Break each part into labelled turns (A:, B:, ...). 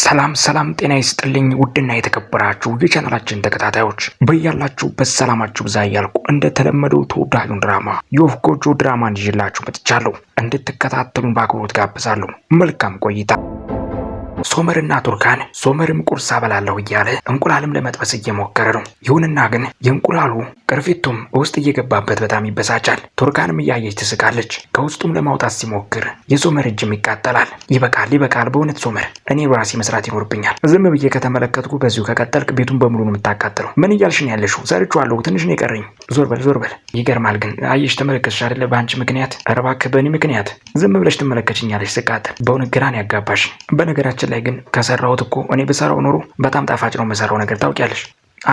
A: ሰላም ሰላም፣ ጤና ይስጥልኝ ውድና የተከበራችሁ የቻናላችን ተከታታዮች በያላችሁበት ሰላማችሁ ብዛ እያልኩ እንደተለመደው ተወዳጁን ድራማ የወፍ ጎጆ ድራማን ይዤላችሁ መጥቻለሁ። እንድትከታተሉን በአክብሮት ጋብዛለሁ። መልካም ቆይታ ሶመርና ቱርካን ሶመርም ቁርስ አበላለሁ እያለ እንቁላልም ለመጥበስ እየሞከረ ነው። ይሁንና ግን የእንቁላሉ ቅርፊቱም ውስጥ እየገባበት በጣም ይበሳጫል። ቱርካንም እያየች ትስቃለች። ከውስጡም ለማውጣት ሲሞክር የሶመር እጅም ይቃጠላል። ይበቃል፣ ይበቃል። በእውነት ሶመር እኔ ራሴ መስራት ይኖርብኛል። ዝም ብዬ ከተመለከትኩ በዚሁ ከቀጠልክ ቤቱን በሙሉ ነው የምታቃጥለው። ምን እያልሽ ነው ያለሽው? ሰርቼዋለሁ፣ ትንሽ ነው የቀረኝ። ዞር በል፣ ዞር በል። ይገርማል ግን አየሽ፣ ተመለከትሽ አይደለ? በአንቺ ምክንያት፣ ኧረ እባክህ በእኔ ምክንያት ዝም ብለሽ ትመለከችኛለሽ ስቃጥል። በእውነት ግራን ያጋባሽ። በነገራችን ላይ ግን ከሰራሁት እኮ እኔ ብሰራው ኖሮ በጣም ጣፋጭ ነው የምሰራው ነገር ታውቂያለሽ።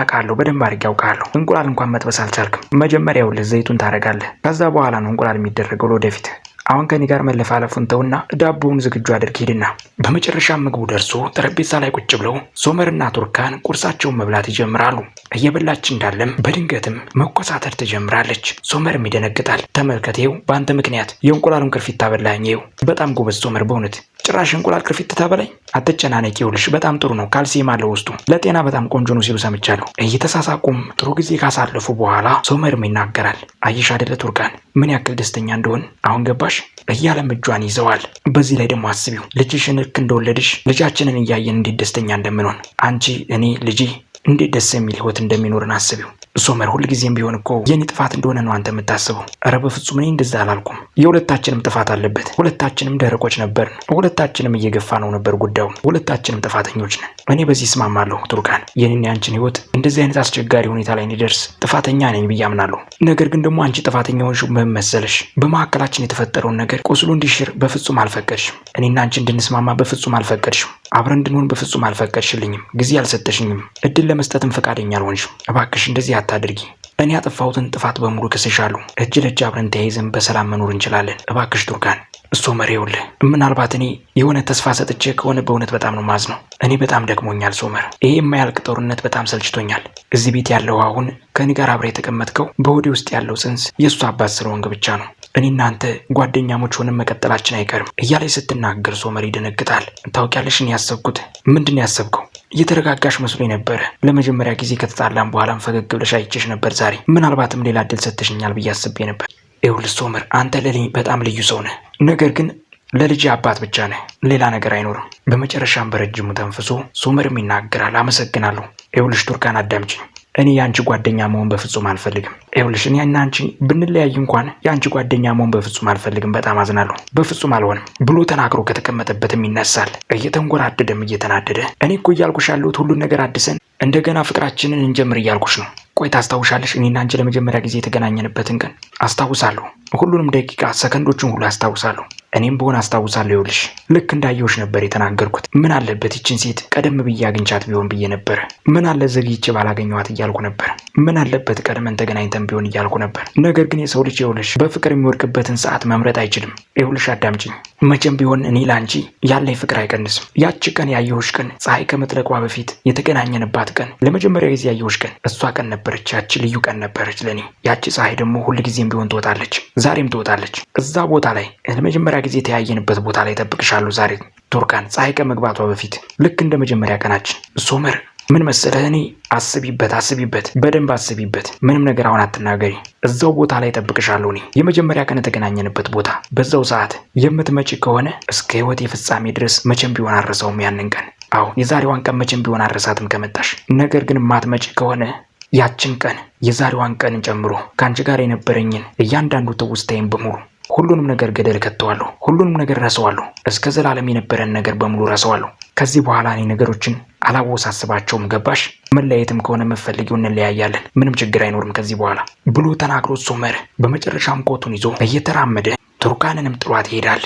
A: አውቃለሁ፣ በደንብ አድርጌ አውቃለሁ። እንቁላል እንኳን መጥበስ አልቻልክም። መጀመሪያው ዘይቱን ታደርጋለህ፣ ከዛ በኋላ ነው እንቁላል የሚደረገው ለወደፊት አሁን ከኔ ጋር መለፋለፉን ተውና ዳቦውን ዝግጁ አድርግ ሂድና። በመጨረሻ ምግቡ ደርሶ ጠረጴዛ ላይ ቁጭ ብለው ሶመርና ቱርካን ቁርሳቸውን መብላት ይጀምራሉ። እየበላች እንዳለም በድንገትም መኮሳተር ትጀምራለች። ሶመርም ይደነግጣል። ተመልከቴው በአንተ ምክንያት የእንቁላሉን ቅርፊት ታበላኝ። በጣም ጎበዝ ሶመር፣ በእውነት ጭራሽ እንቁላል ቅርፊት ትታበላኝ። አትጨናነቂ፣ ይኸውልሽ በጣም ጥሩ ነው፣ ካልሲየም አለው ውስጡ፣ ለጤና በጣም ቆንጆ ነው ሲሉ ሰምቻለሁ። እየተሳሳቁም ጥሩ ጊዜ ካሳለፉ በኋላ ሶመርም ይናገራል። አየሽ አይደለ ቱርካን ምን ያክል ደስተኛ እንደሆን አሁን ገባሽ? እያለም እጇን ይዘዋል። በዚህ ላይ ደግሞ አስቢው ልጅሽን ልክ እንደወለድሽ ልጃችንን እያየን እንዴት ደስተኛ እንደምንሆን አንቺ፣ እኔ፣ ልጄ እንዴት ደስ የሚል ህይወት እንደሚኖርን አስቢው። ሶመር ሁልጊዜም ቢሆን እኮ የኔ ጥፋት እንደሆነ ነው አንተ የምታስበው። ኧረ በፍጹም እኔ እንደዛ አላልኩም። የሁለታችንም ጥፋት አለበት። ሁለታችንም ደረቆች ነበርን። ሁለታችንም እየገፋ ነው ነበር ጉዳዩ። ሁለታችንም ጥፋተኞች ነን። እኔ በዚህ እስማማለሁ። ቱርካን የኔን የአንችን ህይወት እንደዚህ አይነት አስቸጋሪ ሁኔታ ላይ እንዲደርስ ጥፋተኛ ነኝ ብዬ አምናለሁ። ነገር ግን ደግሞ አንቺ ጥፋተኛዎች መመሰለሽ በመካከላችን የተፈጠረውን ነገር ቁስሉ እንዲሽር በፍጹም አልፈቀድሽም። እኔና አንቺ እንድንስማማ በፍጹም አልፈቀድሽም። አብረን እንድንሆን በፍጹም አልፈቀድሽልኝም፣ ጊዜ አልሰጠሽኝም፣ እድል ለመስጠትም ፈቃደኛ አልሆንሽም። እባክሽ እንደዚህ አታድርጊ። እኔ ያጠፋሁትን ጥፋት በሙሉ ክስሻለሁ። እጅ ለእጅ አብረን ተያይዘን በሰላም መኖር እንችላለን። እባክሽ ቱርካን እሶ መሬውል ምናልባት እኔ የሆነ ተስፋ ሰጥቼ ከሆነ በእውነት በጣም ነው ማዝ ነው። እኔ በጣም ደክሞኛል ሶመር፣ ይሄ የማያልቅ ጦርነት በጣም ሰልችቶኛል። እዚህ ቤት ያለው አሁን ከእኔ ጋር አብረ የተቀመጥከው በሆዴ ውስጥ ያለው ጽንስ የእሱ አባት ስለሆንክ ብቻ ነው። እኔ እናንተ ጓደኛሞች ሆነን መቀጠላችን አይቀርም እያለች ስትናገር ሶመር ይደነግጣል። ታውቂያለሽ፣ እኔ ያሰብኩት ምንድን ያሰብከው? እየተረጋጋሽ መስሎ ነበረ። ለመጀመሪያ ጊዜ ከተጣላም በኋላም ፈገግ ብለሽ አይቼሽ ነበር። ዛሬ ምናልባትም ሌላ እድል ሰጥተሽኛል ብዬ አስቤ ነበር። ይኸውልህ ሶመር፣ አንተ ለእኔ በጣም ልዩ ሰው ነህ፣ ነገር ግን ለልጅ አባት ብቻ ነህ፣ ሌላ ነገር አይኖርም። በመጨረሻም በረጅሙ ተንፍሶ ሶመርም ይናገራል። አመሰግናለሁ። ይኸውልሽ ቱርካን፣ አዳምጪኝ እኔ የአንቺ ጓደኛ መሆን በፍጹም አልፈልግም። ይኸውልሽ እኔ እና አንቺ ብንለያይ እንኳን የአንቺ ጓደኛ መሆን በፍጹም አልፈልግም፣ በጣም አዝናለሁ፣ በፍጹም አልሆንም ብሎ ተናግሮ ከተቀመጠበትም ይነሳል። እየተንጎራደደም እየተናደደ እኔ እኮ እያልኩሽ ያለሁት ሁሉን ነገር አድሰን እንደገና ፍቅራችንን እንጀምር እያልኩሽ ነው። ቆይ ታስታውሻለሽ? እኔና አንቺ ለመጀመሪያ ጊዜ የተገናኘንበትን ቀን አስታውሳለሁ። ሁሉንም ደቂቃ፣ ሰከንዶቹን ሁሉ አስታውሳለሁ። እኔም በሆን አስታውሳለሁ። ይኸውልሽ ልክ እንዳየሁሽ ነበር የተናገርኩት። ምን አለበት ይችን ሴት ቀደም ብዬ አግኝቻት ቢሆን ብዬ ነበር ምን አለ ዘግይቼ ባላገኘኋት እያልኩ ነበር። ምን አለበት ቀድመን ተገናኝተን ቢሆን እያልኩ ነበር። ነገር ግን የሰው ልጅ ይኸውልሽ በፍቅር የሚወድቅበትን ሰዓት መምረጥ አይችልም። ይኸውልሽ አዳምጪኝ መቼም ቢሆን እኔ ላንቺ ያለኝ ፍቅር አይቀንስም። ያቺ ቀን ያየሁሽ ቀን ፀሐይ ከመጥለቋ በፊት የተገናኘንባት ቀን፣ ለመጀመሪያ ጊዜ ያየሁሽ ቀን እሷ ቀን ነበረች። ያቺ ልዩ ቀን ነበረች ለእኔ። ያቺ ፀሐይ ደግሞ ሁልጊዜም ቢሆን ትወጣለች፣ ዛሬም ትወጣለች። እዛ ቦታ ላይ ለመጀመሪያ ጊዜ የተያየንበት ቦታ ላይ ጠብቅሻለሁ። ዛሬ ቱርካን ፀሐይ ከመግባቷ በፊት ልክ እንደ መጀመሪያ ቀናችን ሶመር ምን መሰለህ፣ እኔ አስቢበት፣ አስቢበት፣ በደንብ አስቢበት። ምንም ነገር አሁን አትናገሪ። እዛው ቦታ ላይ ጠብቅሻለሁ። እኔ የመጀመሪያ ቀን የተገናኘንበት ቦታ በዛው ሰዓት የምትመጪ ከሆነ እስከ ህይወት የፍጻሜ ድረስ መቼም ቢሆን አረሳውም ያንን ቀን። አዎ የዛሬዋን ቀን መቼም ቢሆን አረሳትም ከመጣሽ። ነገር ግን ማትመጪ ከሆነ ያችን ቀን የዛሬዋን ቀን ጨምሮ ከአንቺ ጋር የነበረኝን እያንዳንዱ ትውስታዬን በሙሉ ሁሉንም ነገር ገደል ከተዋለሁ። ሁሉንም ነገር ረሰዋለሁ። እስከ ዘላለም የነበረን ነገር በሙሉ ረሰዋለሁ። ከዚህ በኋላ እኔ ነገሮችን አላወሳስባቸውም። ገባሽ? መለያየትም ከሆነ የምትፈልጊው እንለያያለን። ምንም ችግር አይኖርም ከዚህ በኋላ ብሎ ተናግሮት ሶመር በመጨረሻም ኮቱን ይዞ እየተራመደ ቱርካንንም ጥሏት ይሄዳል።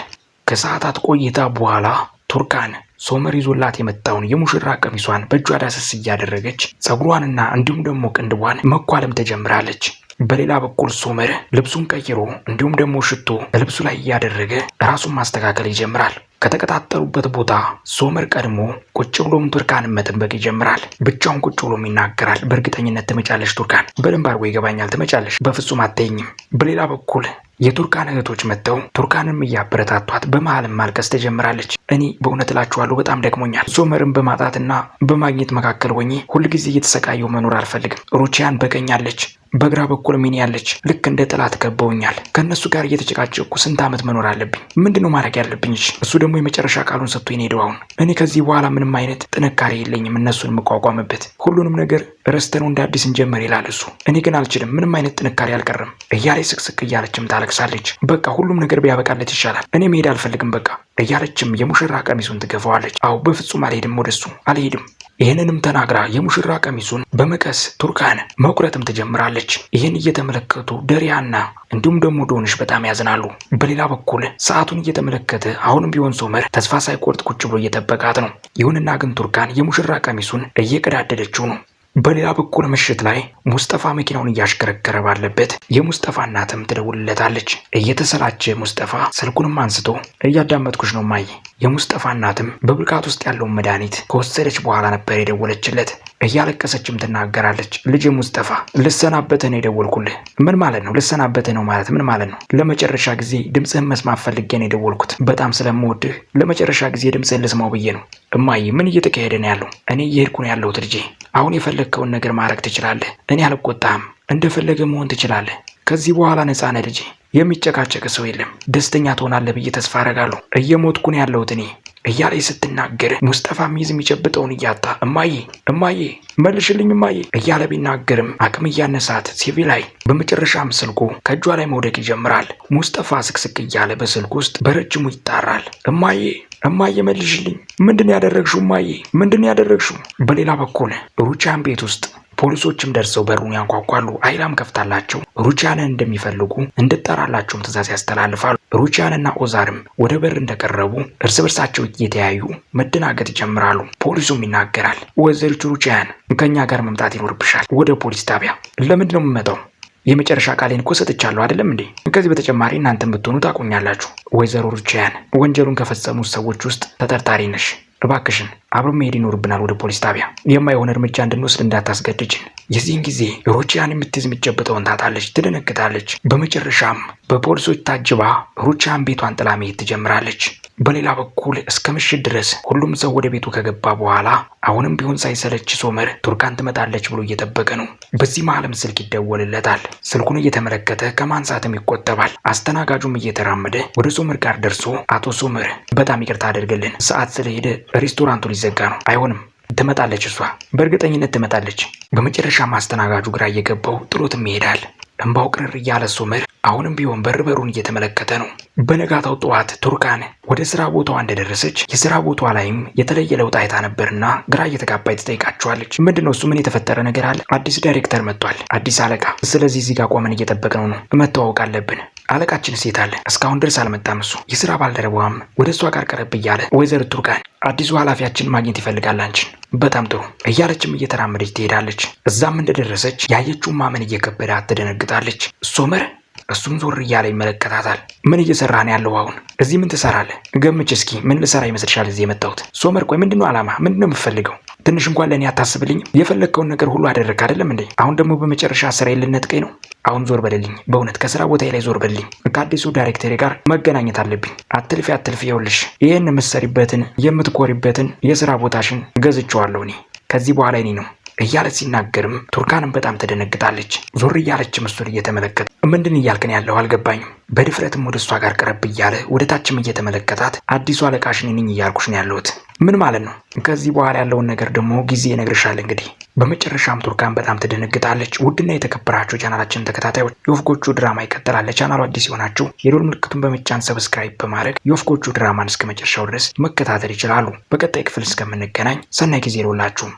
A: ከሰዓታት ቆይታ በኋላ ቱርካን ሶመር ይዞላት የመጣውን የሙሽራ ቀሚሷን በእጇ ዳሰስ እያደረገች ጸጉሯንና እንዲሁም ደግሞ ቅንድቧን መኳለም ተጀምራለች። በሌላ በኩል ሶመር ልብሱን ቀይሮ እንዲሁም ደግሞ ሽቶ ልብሱ ላይ እያደረገ ራሱን ማስተካከል ይጀምራል። ከተቀጣጠሩበት ቦታ ሶመር ቀድሞ ቁጭ ብሎም ቱርካን መጠበቅ ይጀምራል። ብቻውን ቁጭ ብሎም ይናገራል። በእርግጠኝነት ትመጫለሽ ቱርካን፣ በደንብ አድርጎ ይገባኛል። ትመጫለሽ፣ በፍጹም አትተኝም። በሌላ በኩል የቱርካን እህቶች መጥተው ቱርካንም እያበረታቷት በመሀልም ማልቀስ ተጀምራለች። እኔ በእውነት እላችኋለሁ በጣም ደክሞኛል። ሶመርን በማጣትና በማግኘት መካከል ሆኜ ሁልጊዜ እየተሰቃየው መኖር አልፈልግም። ሩቺያን በቀኛለች፣ በግራ በኩል ሚኒ ያለች። ልክ እንደ ጠላት ከበውኛል። ከእነሱ ጋር እየተጨቃጨቁ ስንት ዓመት መኖር አለብኝ? ምንድነው ማድረግ ያለብኝ? እሱ ደግሞ የመጨረሻ ቃሉን ሰጥቶ ሄደው አሁን እኔ ከዚህ በኋላ ምንም አይነት ጥንካሬ የለኝም እነሱን የምቋቋምበት። ሁሉንም ነገር ረስተነው እንደ አዲስ እንጀምር ይላል እሱ። እኔ ግን አልችልም፣ ምንም አይነት ጥንካሬ አልቀርም እያለች ስቅስቅ እያለችም ታለ ታለቅሳለች። በቃ ሁሉም ነገር ቢያበቃለት ይሻላል፣ እኔ መሄድ አልፈልግም በቃ እያለችም የሙሽራ ቀሚሱን ትገፋዋለች። አዎ በፍጹም አልሄድም፣ ወደሱ አልሄድም። ይህንንም ተናግራ የሙሽራ ቀሚሱን በመቀስ ቱርካን መቁረጥም ትጀምራለች። ይህን እየተመለከቱ ደሪያና እንዲሁም ደግሞ ዶንሽ በጣም ያዝናሉ። በሌላ በኩል ሰዓቱን እየተመለከተ አሁንም ቢሆን ሶመር ተስፋ ሳይቆርጥ ቁጭ ብሎ እየጠበቃት ነው። ይሁንና ግን ቱርካን የሙሽራ ቀሚሱን እየቀዳደደችው ነው። በሌላ በኩል ምሽት ላይ ሙስጠፋ መኪናውን እያሽከረከረ ባለበት የሙስጠፋ እናትም ትደውልለታለች። እየተሰላቸ ሙስጠፋ ስልኩንም አንስቶ እያዳመጥኩሽ ነው ማይ። የሙስጠፋ እናትም በብልቃት ውስጥ ያለውን መድኃኒት ከወሰደች በኋላ ነበር የደወለችለት። እያለቀሰችም ትናገራለች። ልጅ ሙስጠፋ ልሰናበትህ ነው የደወልኩልህ። ምን ማለት ነው? ልሰናበትህ ነው ማለት ምን ማለት ነው? ለመጨረሻ ጊዜ ድምፅህን መስማት ፈልጌ ነው የደወልኩት። በጣም ስለምወድህ ለመጨረሻ ጊዜ ድምፅህን ልስማው ብዬ ነው። እማዬ፣ ምን እየተካሄደ ነው ያለው? እኔ እየሄድኩ ነው ያለሁት ልጄ። አሁን የፈለ የፈለግከውን ነገር ማድረግ ትችላለህ። እኔ አልቆጣም። እንደፈለገ መሆን ትችላለህ። ከዚህ በኋላ ነፃ ነህ ልጄ። የሚጨቃጨቅ ሰው የለም። ደስተኛ ትሆናለህ ብዬ ተስፋ አረጋለሁ። እየሞትኩ ነው ያለሁት እኔ እያለች ስትናገር ሙስጠፋ ሚዝ የሚጨብጠውን እያጣ እማዬ እማዬ መልሽልኝ እማዬ እያለ ቢናገርም አቅም እያነሳት ሲቪ ላይ በመጨረሻም ስልኩ ከእጇ ላይ መውደቅ ይጀምራል። ሙስጠፋ ስቅስቅ እያለ በስልኩ ውስጥ በረጅሙ ይጣራል። እማዬ እማዬ መልሽልኝ! ምንድን ያደረግሽው እማዬ? ምንድን ያደረግሽው? በሌላ በኩል ሩቻን ቤት ውስጥ ፖሊሶችም ደርሰው በሩን ያንኳኳሉ። አይላም ከፍታላቸው ሩቻንን እንደሚፈልጉ እንድጠራላቸውም ትእዛዝ ያስተላልፋሉ። ሩቻንና ኦዛርም ወደ በር እንደቀረቡ እርስ በርሳቸው እየተያዩ መደናገጥ ይጀምራሉ። ፖሊሱም ይናገራል። ወይዘሪቱ ሩቻያን ከእኛ ጋር መምጣት ይኖርብሻል። ወደ ፖሊስ ጣቢያ ለምንድን ነው የምመጣው? የመጨረሻ ቃሌን እኮ ሰጥቻለሁ አይደለም እንዴ? ከዚህ በተጨማሪ እናንተም ብትሆኑ ታቁኛላችሁ። ወይዘሮ ሩችያን ወንጀሉን ከፈጸሙት ሰዎች ውስጥ ተጠርጣሪ ነሽ። እባክሽን አብሮ መሄድ ይኖርብናል ወደ ፖሊስ ጣቢያ። የማይሆን እርምጃ እንድንወስድ እንዳታስገድጅን። የዚህን ጊዜ ሩቺያን የምትይዝ የምትጨብጠውን ታጣለች፣ ትደነግጣለች። በመጨረሻም በፖሊሶች ታጅባ ሩቺያን ቤቷን ጥላ መሄድ ትጀምራለች። በሌላ በኩል እስከ ምሽት ድረስ ሁሉም ሰው ወደ ቤቱ ከገባ በኋላ አሁንም ቢሆን ሳይሰለች ሶመር ቱርካን ትመጣለች ብሎ እየጠበቀ ነው። በዚህ መሀልም ስልክ ይደወልለታል። ስልኩን እየተመለከተ ከማንሳትም ይቆጠባል። አስተናጋጁም እየተራመደ ወደ ሶመር ጋር ደርሶ አቶ ሶመር በጣም ይቅርታ አድርግልን፣ ሰዓት ስለሄደ ሬስቶራንቱ ሊዘጋ ነው። አይሆንም ትመጣለች እሷ በእርግጠኝነት ትመጣለች። በመጨረሻ ማስተናጋጁ ግራ እየገባው ጥሎትም ይሄዳል። እንባው ቅርር እያለ ሶመር አሁንም ቢሆን በር በሩን እየተመለከተ ነው። በነጋታው ጠዋት ቱርካን ወደ ስራ ቦታዋ እንደደረሰች የስራ ቦታዋ ላይም የተለየ ለውጥ አይታ ነበርና ግራ እየተጋባይ ትጠይቃቸዋለች። ምንድን ነው እሱ? ምን የተፈጠረ ነገር አለ? አዲስ ዳይሬክተር መጥቷል፣ አዲስ አለቃ። ስለዚህ እዚህ ጋር ቆመን እየጠበቅነው ነው። መተዋወቅ አለብን። አለቃችን ሴት አለ እስካሁን ድረስ አልመጣም። እሱ የስራ ባልደረባዋም ወደ እሷ ጋር ቀረብ እያለ ወይዘሮ ቱርካን አዲሱ ኃላፊያችን ማግኘት ይፈልጋል አንቺን። በጣም ጥሩ እያለችም እየተራመደች ትሄዳለች። እዛም እንደደረሰች ያየችውን ማመን እየከበዳት ትደነግጣለች። ሶመር እሱም ዞር እያለ ይመለከታታል። ምን እየሰራ ነው ያለው? አሁን እዚህ ምን ትሰራለህ? ገምች እስኪ ምን ልሰራ ይመስልሻል እዚህ የመጣሁት? ሶመር ቆይ ምንድነው አላማ? ምንድነው የምፈልገው? ትንሽ እንኳን ለእኔ አታስብልኝም? የፈለግከውን ነገር ሁሉ አደረግ አይደለም እንዴ? አሁን ደግሞ በመጨረሻ ስራ ልትነጥቀኝ ነው። አሁን ዞር በልልኝ፣ በእውነት ከስራ ቦታ ላይ ዞር በልልኝ። ከአዲሱ ዳይሬክተሬ ጋር መገናኘት አለብኝ። አትልፊ አትልፊ፣ ይኸውልሽ ይህን የምትሰሪበትን የምትኮሪበትን የስራ ቦታሽን ገዝቼዋለሁ እኔ ከዚህ በኋላ እኔ ነው እያለ ሲናገርም ቱርካንም በጣም ተደነግጣለች። ዞር እያለች ምስሉን እየተመለከተ ምንድን እያልክን ያለው አልገባኝም። በድፍረትም ወደ እሷ ጋር ቀረብ እያለ ወደ ታችም እየተመለከታት አዲሱ አለቃሽ እኔ ነኝ እያልኩሽ ነው ያለሁት። ምን ማለት ነው? ከዚህ በኋላ ያለውን ነገር ደግሞ ጊዜ ይነግርሻል። እንግዲህ በመጨረሻም ቱርካን በጣም ትደነግጣለች። ውድና የተከበራችሁ ቻናላችን ተከታታዮች የወፍ ጎጆ ድራማ ይቀጥላል። ለቻናሉ አዲስ የሆናችሁ የዶል ምልክቱን በመጫን ሰብስክራይብ በማድረግ የወፍ ጎጆ ድራማን እስከ መጨረሻው ድረስ መከታተል ይችላሉ። በቀጣይ ክፍል እስከምንገናኝ ሰናይ ጊዜ ይሁንላችሁ።